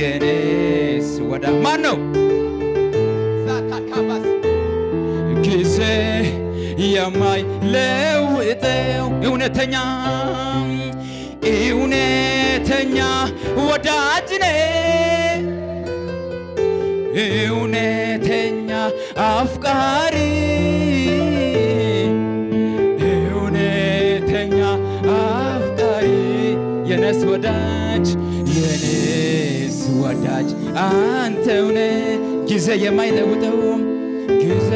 የኔስ ወዳ ማን ነው ጊዜ የማይለውጠው እውነተኛ እውነተኛ ወዳጅኔ እውነተኛ አፍቃ ። ጊዜ የማይለውጠው ጊዜ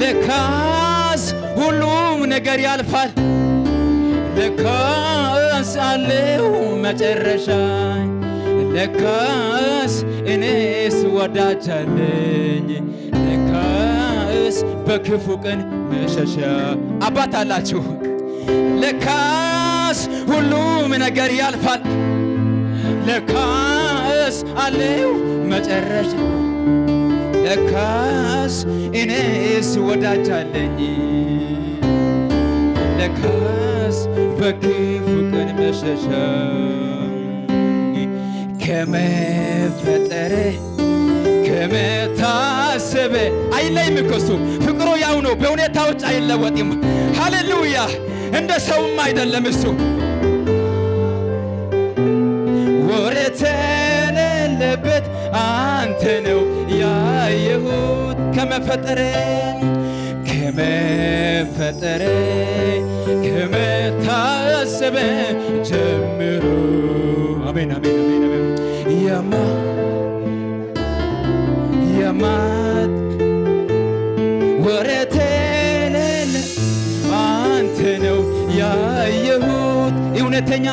ለካስ ሁሉም ነገር ያልፋል። ለካስ አለው መጨረሻ። ለካስ እኔስ ወዳጅ አለኝ። ለካስ በክፉ ቀን መሸሻ አባት አላችሁ። ለካስ ሁሉም ነገር ያልፋል። ለካስ አለው መጨረሻ ለካስ እኔስ ወዳጅ አለኝ ለካስ በክፉ ቀን መሸሻ ከመፈጠረ ከመታሰበ አይለይም እኮ እሱ ፍቅሩ ያው ነው። በሁኔታዎች አይለወጥም። ሃሌሉያ! እንደ ሰውም አይደለም እሱ ነው ያየሁት ከመፈጠረ ከመፈጠረ ከመታሰበ ጀምሮ አሜን አሜን አሜን አሜን የማት ወረት አንተ ነው ያየሁት እውነተኛ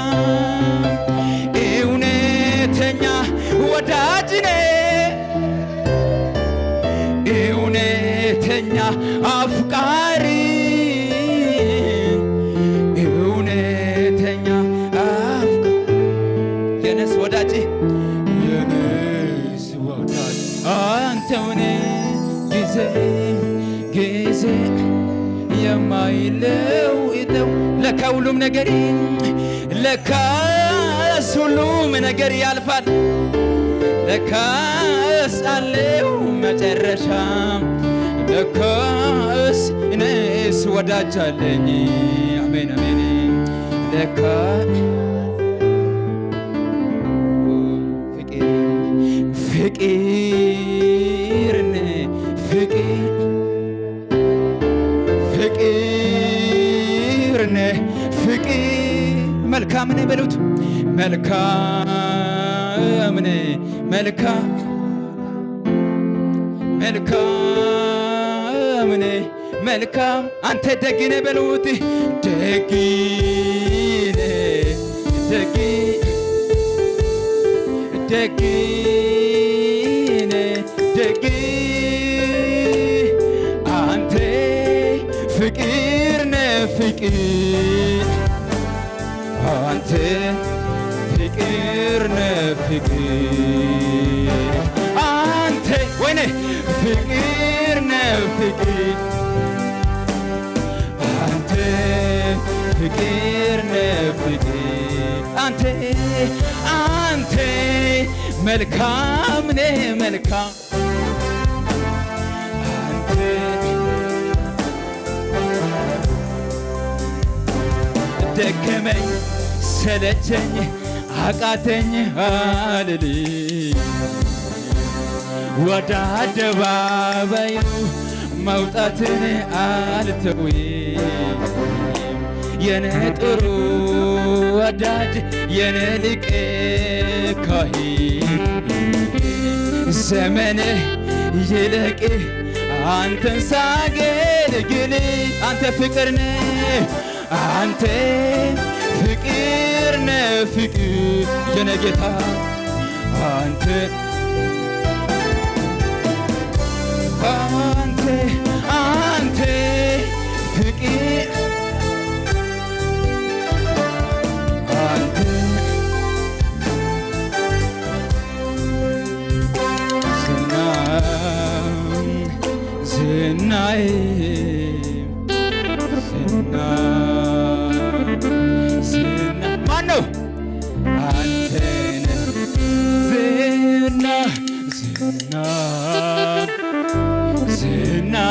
አይለውጠው ለካ ሁሉም ነገር ለካስ ሁሉም ነገር ያልፋል ለካስ አለው መጨረሻ ለካስ እኔስ ወዳጅ አለኝ አሜን አሜን ለካ ፍቅር ፍቅር ፍቅርን ፍቅር መልካምን በሉት መልካምን መልካ መልካምን መልካም አንተ ደግነ በሉት ደግነ ደግ ደግነ ደግ አንተ ፍቅር ፍቅር አንተ ፍቅር ነህ ፍቅር አንተ ወይኔ ፍቅር ነ ፍቅር አንተ ፍቅር ነህ ፍቅር አንተ አንተ መልካም ነ መልካም ደከመኝ ሰለቸኝ አቃተኝ አልል ወደ አደባባዩ መውጣትን አልተዊ የነ ጥሩ ወዳድ የነ ሊቅ ካህን ዘመንህ ይለቅ አንተን ሳገለግል አንተ ፍቅር ነህ አንተ ፍቅር ነ ፍቅር የኔ ጌታ አንተ አንተ አንተ ፍቅር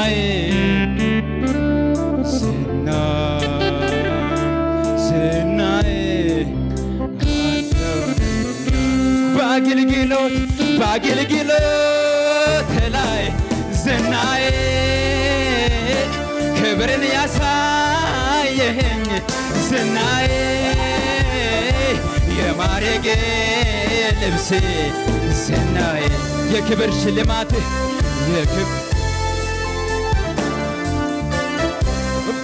ጌታዬ ስናይ በአገልግሎት በአገልግሎት ላይ ዝናዬ ክብርን ያሳየኸኝ ዝናዬ የማረጌ ልብሴ ዝናዬ የክብር ሽልማትህ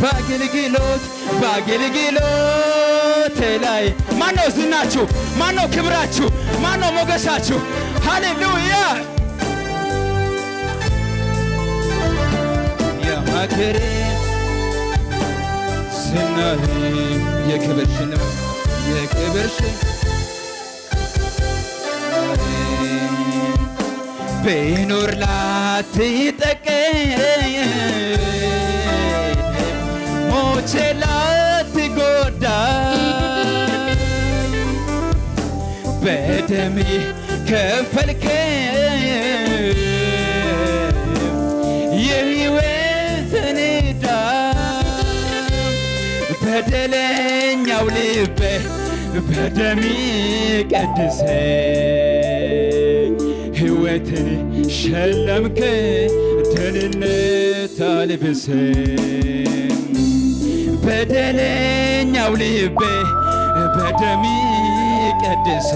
በአገልግሎት በአገልግሎት ላይ ማነው ዝናችሁ? ማነው ክብራችሁ? ማነው ሞገሳችሁ? ሃሌሉያ የመከሬ ዝናህ የክብር ሽልማት ቢኖር ላትጠቀም በደም ከፈልከ የህይወትን ዕዳ በደለኛው ልቤ በደም ቀድሰ ህይወትን ሸለምከ ደህንነት አልብሰ በደለኛው ልቤ በደሚ ቀድሰ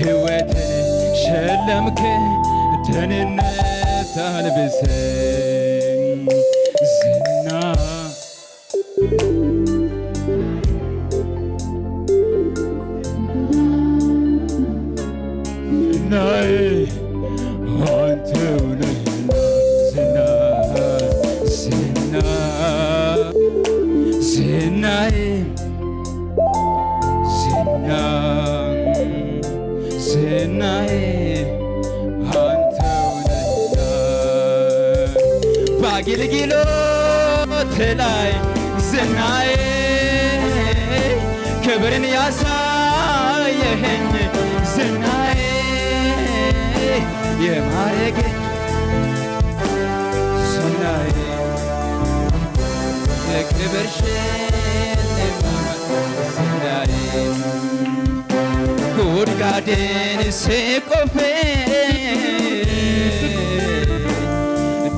ሕይወትን ሸለምክ ደህንነት አልብሰ ዝና tonight until the dawn. בגלגילו תלי זנאי ክብርን ያሳየኸኝ ዝናዬ የማረግ ሰናዬ ለክብርሽ ፍቃድን ስቆፍ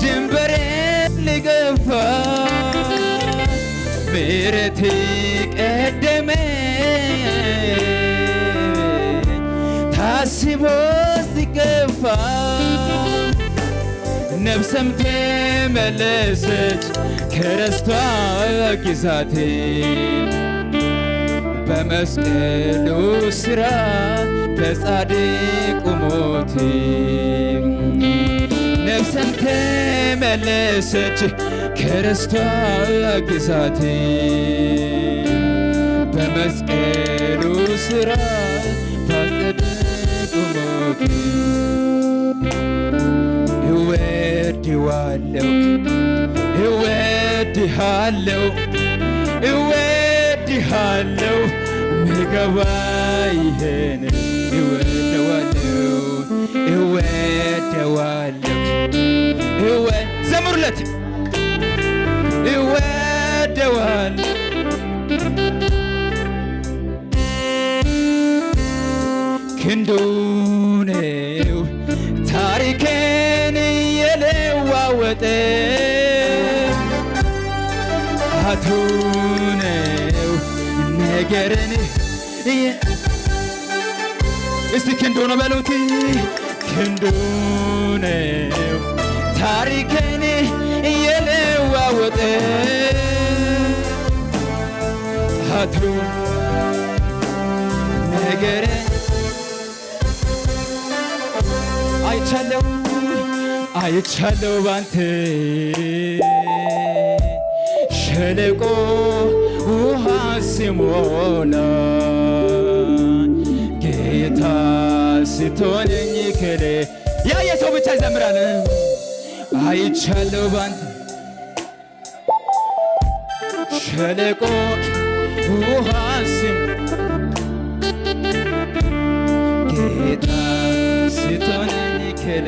ድንበሬ ልገፋ ምረት ቀደመ ታስቦ ሲገፋ ነፍሰም ተመለሰች ከረስቷ ግዛቴ በመስቀሉ ስራ ከጻድቁ ሞት ነፍሰን ተመለሰች ከርስቷ ግዛት በመስቀሉ ስራ ታጸድቁ ሞት እወድዋለሁ እወድሃለሁ እወድሃለሁ ሳይገባ ይህን እወደዋለሁ እወደዋለሁ እወ ዘምሩለት እወደዋለሁ ክንዱ ነው ታሪኬን የለዋወጠ ነው እስቲ ክንዱ ነው በሉት ክንዱ ነው ታሪኬን የለዋወጠ ጣቱ ነገረ አይቻለው አይቻለው ባንተ ሸለቆ ሲሞላ ጌታ ስትሆነኝ ክሌ ያ የሰው ብቻ ይዘምራል። አይቻለው ባንተ ሸለቆ ውሃ ሲም ጌታ ስትሆነኝ ክሌ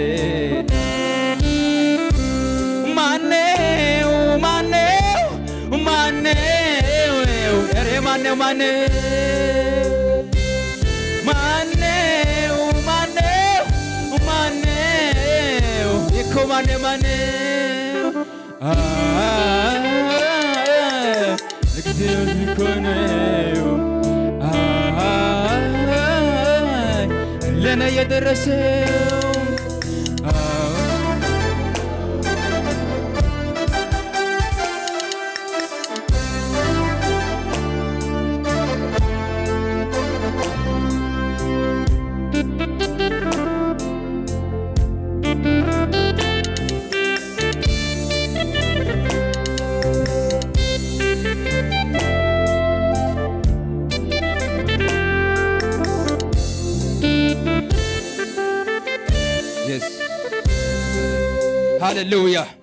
ማነው ማነው ማነው ማነው ማነው እኮ ማነው ማነው እግዚአብሔር እኮ ነው ለእኔ የደረሰው Hallelujah